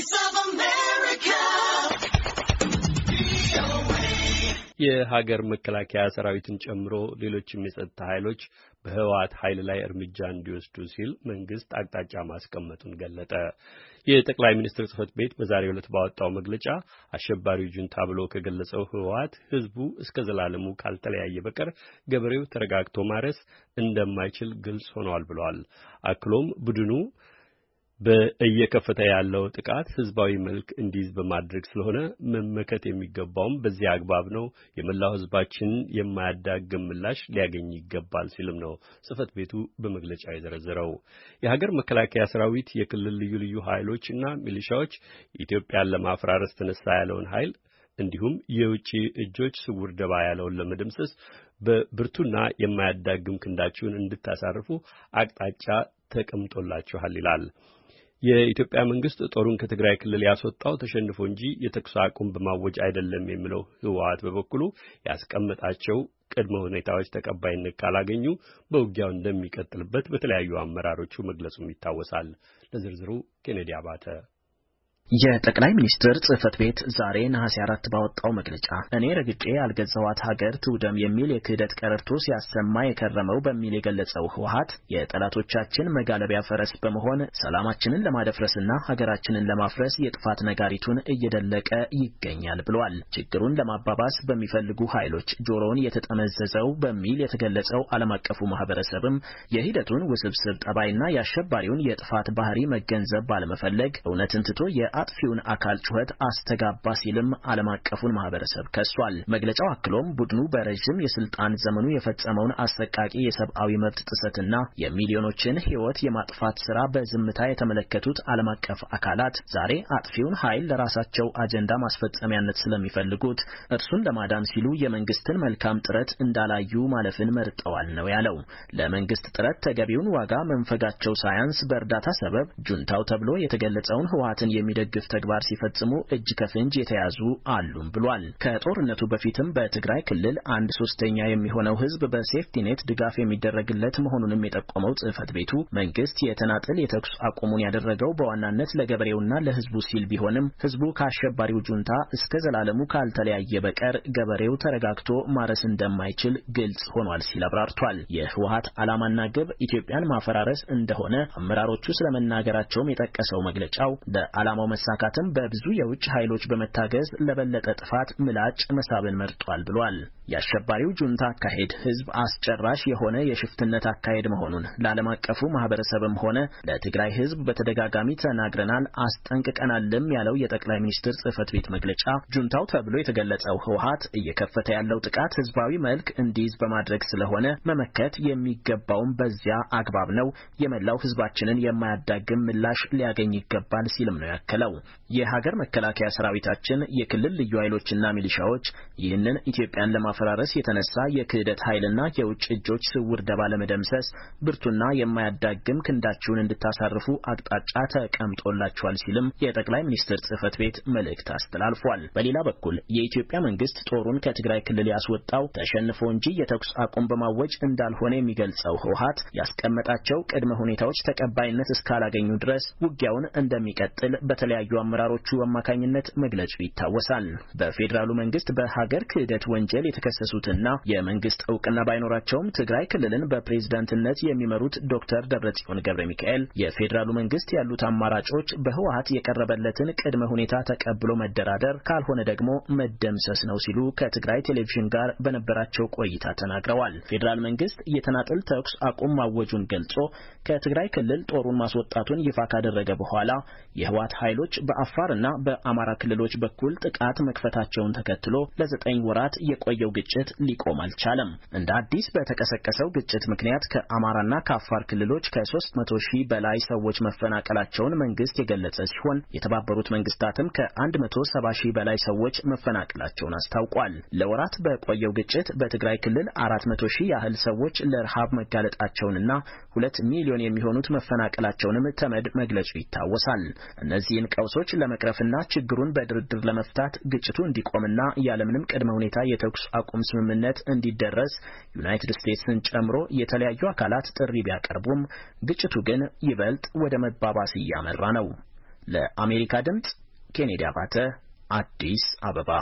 Voice of America. የሀገር መከላከያ ሰራዊትን ጨምሮ ሌሎችም የጸጥታ ኃይሎች በህወሓት ኃይል ላይ እርምጃ እንዲወስዱ ሲል መንግስት አቅጣጫ ማስቀመጡን ገለጠ። የጠቅላይ ሚኒስትር ጽህፈት ቤት በዛሬው ዕለት ባወጣው መግለጫ አሸባሪው ጁንታ ብሎ ከገለጸው ህወሓት ህዝቡ እስከ ዘላለሙ ካልተለያየ በቀር ገበሬው ተረጋግቶ ማረስ እንደማይችል ግልጽ ሆኗል ብለዋል። አክሎም ቡድኑ በእየከፈተ ያለው ጥቃት ህዝባዊ መልክ እንዲይዝ በማድረግ ስለሆነ መመከት የሚገባውም በዚያ አግባብ ነው። የመላው ህዝባችን የማያዳግም ምላሽ ሊያገኝ ይገባል ሲልም ነው ጽህፈት ቤቱ በመግለጫ የዘረዘረው። የሀገር መከላከያ ሰራዊት፣ የክልል ልዩ ልዩ ኃይሎች እና ሚሊሻዎች ኢትዮጵያን ለማፈራረስ ተነሳ ያለውን ኃይል እንዲሁም የውጭ እጆች ስውር ደባ ያለውን ለመደምሰስ በብርቱና የማያዳግም ክንዳችሁን እንድታሳርፉ አቅጣጫ ተቀምጦላችኋል ይላል። የኢትዮጵያ መንግስት ጦሩን ከትግራይ ክልል ያስወጣው ተሸንፎ እንጂ የተኩስ አቁም በማወጅ አይደለም የሚለው ህወሓት በበኩሉ ያስቀመጣቸው ቅድመ ሁኔታዎች ተቀባይነት ካላገኙ በውጊያው እንደሚቀጥልበት በተለያዩ አመራሮቹ መግለጹም ይታወሳል። ለዝርዝሩ ኬኔዲ አባተ የጠቅላይ ሚኒስትር ጽህፈት ቤት ዛሬ ነሐሴ አራት ባወጣው መግለጫ እኔ ረግጬ አልገዛዋት ሀገር ትውደም የሚል የክህደት ቀረርቶ ሲያሰማ የከረመው በሚል የገለጸው ህወሀት የጠላቶቻችን መጋለቢያ ፈረስ በመሆን ሰላማችንን ለማደፍረስና ሀገራችንን ለማፍረስ የጥፋት ነጋሪቱን እየደለቀ ይገኛል ብሏል። ችግሩን ለማባባስ በሚፈልጉ ኃይሎች ጆሮውን የተጠመዘዘው በሚል የተገለጸው ዓለም አቀፉ ማህበረሰብም የሂደቱን ውስብስብ ጠባይና የአሸባሪውን የጥፋት ባህሪ መገንዘብ ባለመፈለግ እውነትን ትቶ የአጥፊውን አካል ጩኸት አስተጋባ ሲልም ዓለም አቀፉን ማህበረሰብ ከሷል። መግለጫው አክሎም ቡድኑ በረዥም የስልጣን ዘመኑ የፈጸመውን አሰቃቂ የሰብአዊ መብት ጥሰትና የሚሊዮኖችን ሕይወት የማጥፋት ስራ በዝምታ የተመለከቱት ዓለም አቀፍ አካላት ዛሬ አጥፊውን ኃይል ለራሳቸው አጀንዳ ማስፈጸሚያነት ስለሚፈልጉት እርሱን ለማዳን ሲሉ የመንግስትን መልካም ጥረት እንዳላዩ ማለፍን መርጠዋል ነው ያለው። ለመንግስት ጥረት ተገቢውን ዋጋ መንፈጋቸው ሳያንስ በእርዳታ ሰበብ ጁንታው ተብሎ የተገለጸውን ህወሀትን የሚደግ የግፍ ተግባር ሲፈጽሙ እጅ ከፍንጅ የተያዙ አሉም ብሏል። ከጦርነቱ በፊትም በትግራይ ክልል አንድ ሶስተኛ የሚሆነው ሕዝብ በሴፍቲኔት ድጋፍ የሚደረግለት መሆኑንም የጠቆመው ጽህፈት ቤቱ መንግስት የተናጥል የተኩስ አቁሙን ያደረገው በዋናነት ለገበሬውና ለህዝቡ ሲል ቢሆንም ሕዝቡ ከአሸባሪው ጁንታ እስከ ዘላለሙ ካልተለያየ በቀር ገበሬው ተረጋግቶ ማረስ እንደማይችል ግልጽ ሆኗል ሲል አብራርቷል። የህወሀት ዓላማና ግብ ኢትዮጵያን ማፈራረስ እንደሆነ አመራሮቹ ስለመናገራቸውም የጠቀሰው መግለጫው ለዓላማው ለማሳካትም በብዙ የውጭ ኃይሎች በመታገዝ ለበለጠ ጥፋት ምላጭ መሳብን መርጧል ብሏል። የአሸባሪው ጁንታ አካሄድ ህዝብ አስጨራሽ የሆነ የሽፍትነት አካሄድ መሆኑን ለዓለም አቀፉ ማህበረሰብም ሆነ ለትግራይ ህዝብ በተደጋጋሚ ተናግረናል፣ አስጠንቅቀናልም ያለው የጠቅላይ ሚኒስትር ጽህፈት ቤት መግለጫ ጁንታው ተብሎ የተገለጸው ህወሀት እየከፈተ ያለው ጥቃት ህዝባዊ መልክ እንዲይዝ በማድረግ ስለሆነ መመከት የሚገባውም በዚያ አግባብ ነው። የመላው ህዝባችንን የማያዳግም ምላሽ ሊያገኝ ይገባል ሲልም ነው ያከለ አስከተለው። የሀገር መከላከያ ሰራዊታችን፣ የክልል ልዩ ኃይሎችና ሚሊሻዎች ይህንን ኢትዮጵያን ለማፈራረስ የተነሳ የክህደት ኃይልና የውጭ እጆች ስውር ደባ ለመደምሰስ ብርቱና የማያዳግም ክንዳችሁን እንድታሳርፉ አቅጣጫ ተቀምጦላችኋል ሲልም የጠቅላይ ሚኒስትር ጽህፈት ቤት መልእክት አስተላልፏል። በሌላ በኩል የኢትዮጵያ መንግስት ጦሩን ከትግራይ ክልል ያስወጣው ተሸንፎ እንጂ የተኩስ አቁም በማወጅ እንዳልሆነ የሚገልጸው ህወሀት ያስቀመጣቸው ቅድመ ሁኔታዎች ተቀባይነት እስካላገኙ ድረስ ውጊያውን እንደሚቀጥል በተለ በተለያዩ አመራሮቹ አማካኝነት መግለጹ ይታወሳል። በፌዴራሉ መንግስት በሀገር ክህደት ወንጀል የተከሰሱትና የመንግስት እውቅና ባይኖራቸውም ትግራይ ክልልን በፕሬዝዳንትነት የሚመሩት ዶክተር ደብረጽዮን ገብረ ሚካኤል የፌዴራሉ መንግስት ያሉት አማራጮች በህወሀት የቀረበለትን ቅድመ ሁኔታ ተቀብሎ መደራደር ካልሆነ ደግሞ መደምሰስ ነው ሲሉ ከትግራይ ቴሌቪዥን ጋር በነበራቸው ቆይታ ተናግረዋል። ፌዴራል መንግስት የተናጠል ተኩስ አቁም ማወጁን ገልጾ ከትግራይ ክልል ጦሩን ማስወጣቱን ይፋ ካደረገ በኋላ የህወሀት ኃይሎች ኃይሎች በአፋርና በአማራ ክልሎች በኩል ጥቃት መክፈታቸውን ተከትሎ ለዘጠኝ ወራት የቆየው ግጭት ሊቆም አልቻለም። እንደ አዲስ በተቀሰቀሰው ግጭት ምክንያት ከአማራና ከአፋር ክልሎች ከ300 ሺህ በላይ ሰዎች መፈናቀላቸውን መንግስት የገለጸ ሲሆን የተባበሩት መንግስታትም ከ170 ሺህ በላይ ሰዎች መፈናቀላቸውን አስታውቋል። ለወራት በቆየው ግጭት በትግራይ ክልል 400 ሺህ ያህል ሰዎች ለረሃብ መጋለጣቸውንና ሁለት ሚሊዮን የሚሆኑት መፈናቀላቸውንም ተመድ መግለጹ ይታወሳል። እነዚህን ቀውሶች ለመቅረፍና ችግሩን በድርድር ለመፍታት ግጭቱ እንዲቆምና ያለምንም ቅድመ ሁኔታ የተኩስ አቁም ስምምነት እንዲደረስ ዩናይትድ ስቴትስን ጨምሮ የተለያዩ አካላት ጥሪ ቢያቀርቡም ግጭቱ ግን ይበልጥ ወደ መባባስ እያመራ ነው። ለአሜሪካ ድምፅ ኬኔዲ አባተ አዲስ አበባ